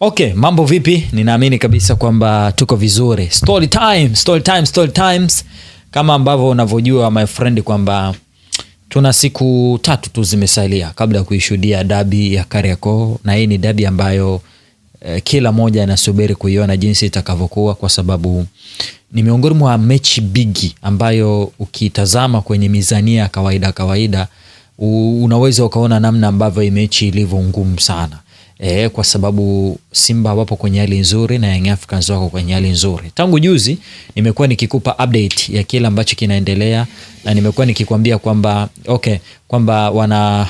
Okay, mambo vipi? Ninaamini kabisa kwamba tuko vizuri. Story time, story time, story times. Kama ambavyo unavyojua my friend kwamba tuna siku tatu tu zimesalia kabla ya kuishuhudia dabi ya Kariakoo na hii ni dabi ambayo eh, kila moja anasubiri kuiona jinsi itakavyokuwa kwa sababu ni miongoni mwa mechi bigi ambayo ukitazama kwenye mizania ya kawaida kawaida unaweza ukaona namna ambavyo hii mechi ilivyo ngumu sana e, kwa sababu Simba wapo kwenye hali nzuri na Young Africans wako kwenye hali nzuri. Tangu juzi nimekuwa nikikupa update ya kile ambacho kinaendelea na nimekuwa nikikwambia kwamba okay, kwamba wana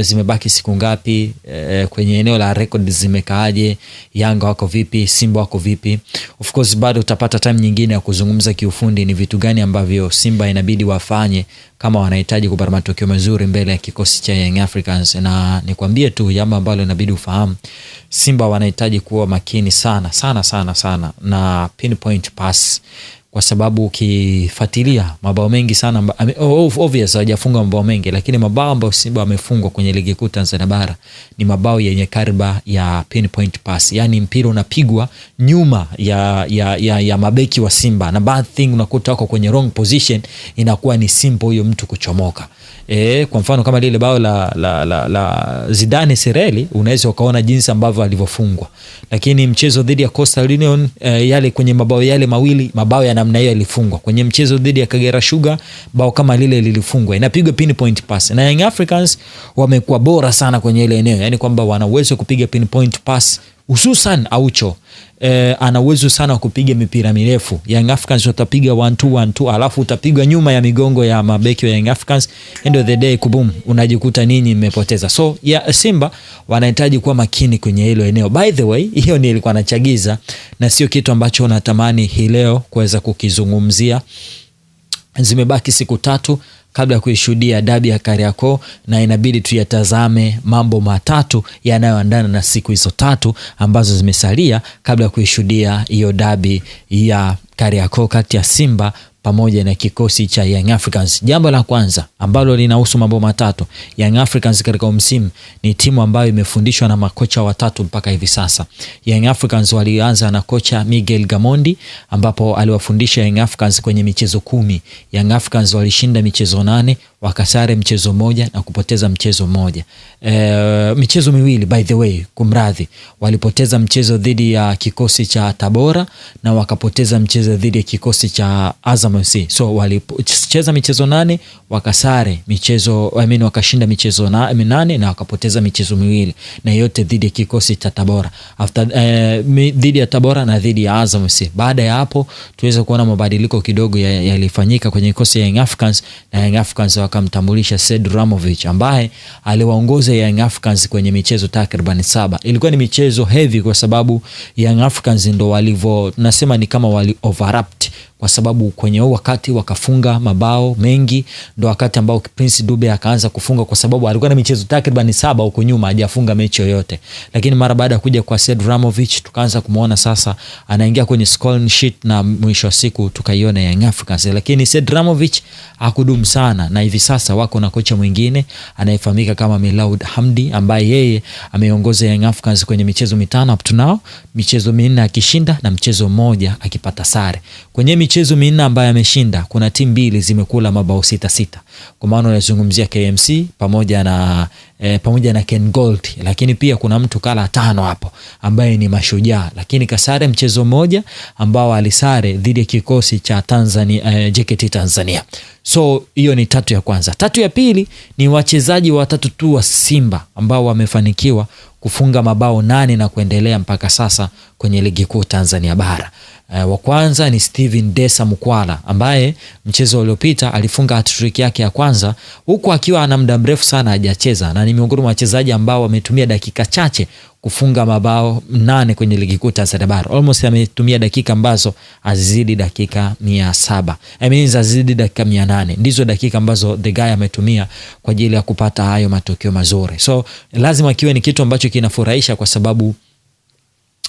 e, zimebaki siku ngapi e, kwenye eneo la rekodi zimekaaje? Yanga wako vipi? Simba wako vipi? Of course bado utapata time nyingine ya kuzungumza kiufundi, ni vitu gani ambavyo Simba inabidi wafanye kama wanahitaji kupata matokeo mazuri mbele ya kikosi cha Young Africans. Na nikwambie tu jambo ambalo inabidi ufahamu, Simba wanahitaji kuwa makini sana sana sana sana na pinpoint pass kwa sababu ukifatilia mabao mengi sana obvious hawajafunga mabao mengi, lakini mabao ambayo Simba wamefungwa kwenye ligi kuu Tanzania bara ni mabao yenye kariba ya pinpoint pass, yani mpira unapigwa nyuma ya, ya, ya, ya mabeki wa Simba na bad thing unakuta wako kwenye wrong position, inakuwa ni simple huyo mtu kuchomoka. E, kwa mfano kama lile bao la, la, la, la Zidane Sereli, unaweza ukaona jinsi ambavyo alivyofungwa, lakini mchezo dhidi ya Coastal Union e, yale kwenye mabao yale mawili mabao ya namna hiyo ilifungwa kwenye mchezo dhidi ya Kagera Sugar, bao kama lile lilifungwa, inapigwa pinpoint pass, na Young Africans wamekuwa bora sana kwenye ile eneo, yani kwamba wana uwezo kupiga pinpoint pass hususan Aucho eh, ana uwezo sana wa kupiga mipira mirefu. Young Africans watapiga alafu utapigwa nyuma ya migongo ya mabeki wa Young Africans, end of the day kubum, unajikuta ninyi mmepoteza. So ya Simba wanahitaji kuwa makini kwenye hilo eneo. By the way, hiyo ni ilikuwa nachagiza na sio kitu ambacho natamani hii leo kuweza kukizungumzia. Zimebaki siku tatu kabla ya kuishuhudia dabi ya Kariakoo, na inabidi tuyatazame mambo matatu yanayoandana na siku hizo tatu ambazo zimesalia kabla ya kuishuhudia hiyo dabi ya Kariakoo kati ya Simba pamoja na kikosi cha Young Africans. Jambo la kwanza ambalo linahusu mambo matatu, Young Africans katika msimu ni timu ambayo imefundishwa na makocha watatu mpaka hivi sasa. Young Africans walianza na kocha Miguel Gamondi ambapo aliwafundisha Young Africans kwenye michezo kumi. Young Africans walishinda michezo nane wakasare mchezo moja na kupoteza mchezo moja e, michezo miwili by the way, kumradhi, walipoteza mchezo dhidi ya kikosi cha Tabora na wakapoteza mchezo dhidi ya kikosi cha Azam FC. So walicheza michezo nane wakasare michezo I mean, wakashinda michezo na, minane na wakapoteza michezo miwili na yote dhidi ya kikosi cha Tabora after eh, dhidi ya Tabora na dhidi ya Azam FC. Baada ya hapo tuweze kuona mabadiliko kidogo yalifanyika ya kwenye kikosi ya Young Africans na Young Africans wakamtambulisha sed ramovich ambaye aliwaongoza Young Africans kwenye michezo takriban saba. Ilikuwa ni michezo heavy kwa sababu Young Africans ndo walivyo, nasema ni kama wali overapt kwa sababu kwenye huo wakati wakafunga mabao mengi, ndo wakati ambao Prince Dube akaanza kufunga, kwa sababu alikuwa na michezo takriban saba huko nyuma hajafunga mechi yoyote, lakini mara baada ya kuja kwa Sed Ramovic tukaanza kumuona sasa anaingia kwenye scoring sheet, na mwisho wa siku tukaiona Young Africans. Lakini Sed Ramovic hakudumu sana, na hivi sasa wako na kocha mwingine anayefahamika kama Milaud Hamdi ambaye yeye ameongoza Young Africans kwenye michezo mitano up to now, michezo minne akishinda na mchezo mmoja akipata sare kwenye michezo minne ambayo ameshinda, kuna timu mbili zimekula mabao sita sita, kwa maana unazungumzia KMC pamoja na e, pamoja na Ken Gold, lakini pia kuna mtu kala tano hapo ambaye ni Mashujaa, lakini kasare mchezo mmoja ambao alisare dhidi ya kikosi cha Tanzania, e, eh, JKT Tanzania. So hiyo ni tatu ya kwanza. Tatu ya pili ni wachezaji watatu tu wa Simba ambao wamefanikiwa kufunga mabao nane na kuendelea mpaka sasa kwenye ligi kuu Tanzania bara. Uh, wa kwanza ni Steven Desa Mukwala ambaye mchezo uliopita alifunga hat-trick yake ya kwanza huku akiwa ana muda mrefu sana hajacheza na ni miongoni mwa wachezaji ambao wametumia dakika chache kufunga mabao nane kwenye ligi kuu Tanzania Bara. Almost ametumia dakika ambazo azidi dakika mia saba. I mean azidi dakika mia nane. Ndizo dakika ambazo the guy ametumia kwa ajili ya kupata hayo matokeo mazuri. So lazima kiwe ni kitu ambacho kinafurahisha kwa sababu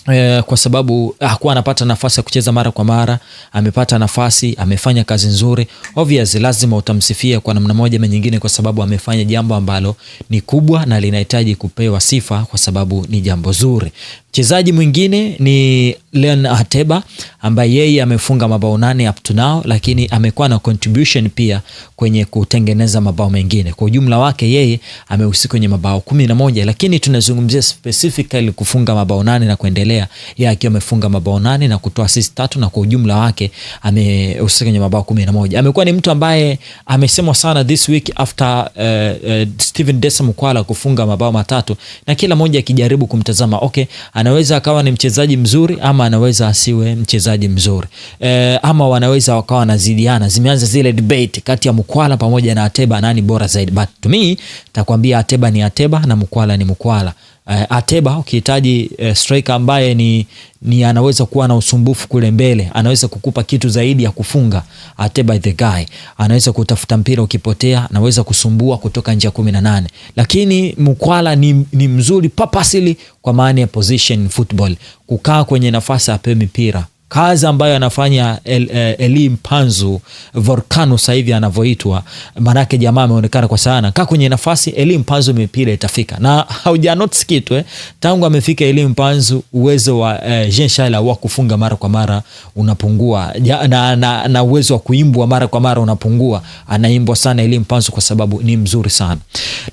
eh, kwa sababu hakuwa anapata nafasi ya kucheza mara kwa mara. Amepata nafasi, amefanya kazi nzuri, obviously lazima utamsifia kwa namna moja ama nyingine, kwa sababu amefanya jambo ambalo ni kubwa na linahitaji kupewa sifa, kwa sababu ni jambo zuri. Mchezaji mwingine ni Leon Ateba ambaye yeye amefunga mabao nane up to now, lakini amekuwa na contribution pia kwenye kutengeneza mabao mengine. Kwa ujumla wake yeye amehusika kwenye mabao kumi na moja, lakini tunazungumzia specifically kufunga mabao nane na kuendelea, yeye akiwa amefunga mabao nane na kutoa assist tatu, na kwa ujumla wake amehusika kwenye mabao kumi na moja. Amekuwa ni mtu ambaye amesemwa sana this week after uh, uh, Steven Desa Mukwala kufunga mabao matatu na kila moja akijaribu kumtazama okay anaweza akawa ni mchezaji mzuri ama anaweza asiwe mchezaji mzuri e, ama wanaweza wakawa wanazidiana. Zimeanza zile debate kati ya Mkwala pamoja na Ateba, nani bora zaidi? But to me, takwambia Ateba ni Ateba na Mkwala ni Mkwala. Eh, Ateba ukihitaji uh, striker ambaye ni, ni anaweza kuwa na usumbufu kule mbele, anaweza kukupa kitu zaidi ya kufunga. Ateba the guy anaweza kutafuta mpira ukipotea, anaweza kusumbua kutoka nje ya kumi na nane. Lakini Mukwala ni, ni mzuri papasili kwa maana ya position football, kukaa kwenye nafasi apewe mipira kazi ambayo anafanya el, el, eh, Eli Mpanzu volcano sasa hivi anavyoitwa, maanake jamaa ameonekana kwa sana kaa kwenye nafasi Eli Mpanzu mipira itafika na hauja notice kitu eh, tangu amefika Eli Mpanzu uwezo wa eh, Jean Shala wa kufunga mara kwa mara unapungua ja, na, na, na uwezo wa kuimbwa mara kwa mara unapungua. Anaimbwa sana Eli Mpanzu kwa sababu ni mzuri sana,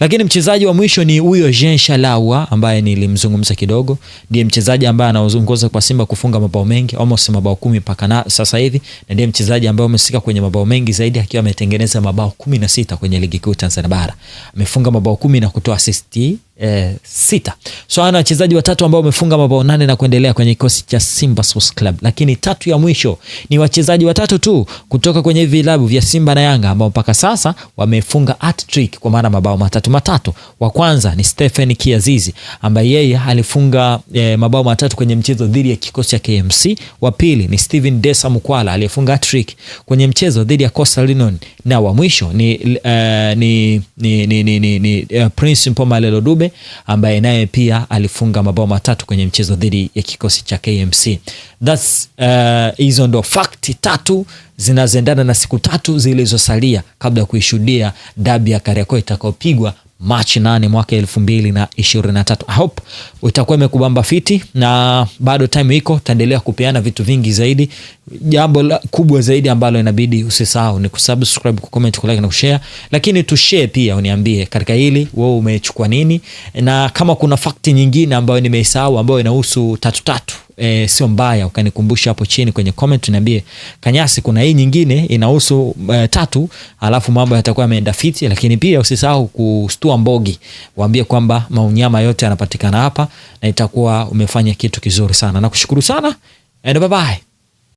lakini mchezaji wa mwisho ni huyo Jean Shalawa ambaye nilimzungumza kidogo, ndiye mchezaji ambaye anaongoza kwa Simba kufunga mabao mengi almost nusu mabao kumi mpaka na sasa hivi, na ndiye mchezaji ambaye amesika kwenye mabao mengi zaidi akiwa ametengeneza mabao kumi na sita kwenye ligi kuu Tanzania bara. Amefunga mabao kumi na kutoa asisti eh, sita. So ana wachezaji watatu ambao wamefunga mabao nane na kuendelea kwenye kikosi cha Simba Sports Club, lakini tatu ya mwisho ni wachezaji watatu tu kutoka kwenye vilabu vya Simba na Yanga ambao mpaka sasa wamefunga hat-trick kwa maana mabao matatu matatu. Wa kwanza ni Stephen Kiazizi ambaye yeye alifunga eh, mabao matatu kwenye mchezo dhidi ya kikosi cha KMC. Wa pili ni Steven Desa Mkwala aliyefunga hat-trick kwenye mchezo dhidi ya Coastal Union, na wa mwisho ni, eh, ni, ni, ni, ni, ni, ni, ni eh, Prince Mpoma Lelodube Chube ambaye naye pia alifunga mabao matatu kwenye mchezo dhidi ya kikosi cha KMC. That's uh, hizo uh, ndo fakti tatu zinazoendana na siku tatu zilizosalia kabla ya kuishuhudia dabi ya Kariakoo itakayopigwa Machi nane mwaka elfu na I hope itakuwa imekubamba fiti na bado time iko, taendelea kupeana vitu vingi zaidi. Jambo kubwa zaidi ambalo inabidi usisahau ni kusubscribe, kucomment, kulike na kushare, lakini tushare pia, uniambie katika hili wewe umechukua nini, na kama kuna fakti nyingine ambayo nimeisahau ambayo inahusu tatu tatu e, sio mbaya, ukanikumbusha hapo chini kwenye comment, niambie Kanyasi, kuna hii nyingine inahusu e, tatu, alafu mambo yatakuwa yameenda fiti. Lakini pia usisahau kustua Mbogi, waambie kwamba maunyama yote yanapatikana hapa, na itakuwa umefanya kitu kizuri sana. Nakushukuru sana and bye bye.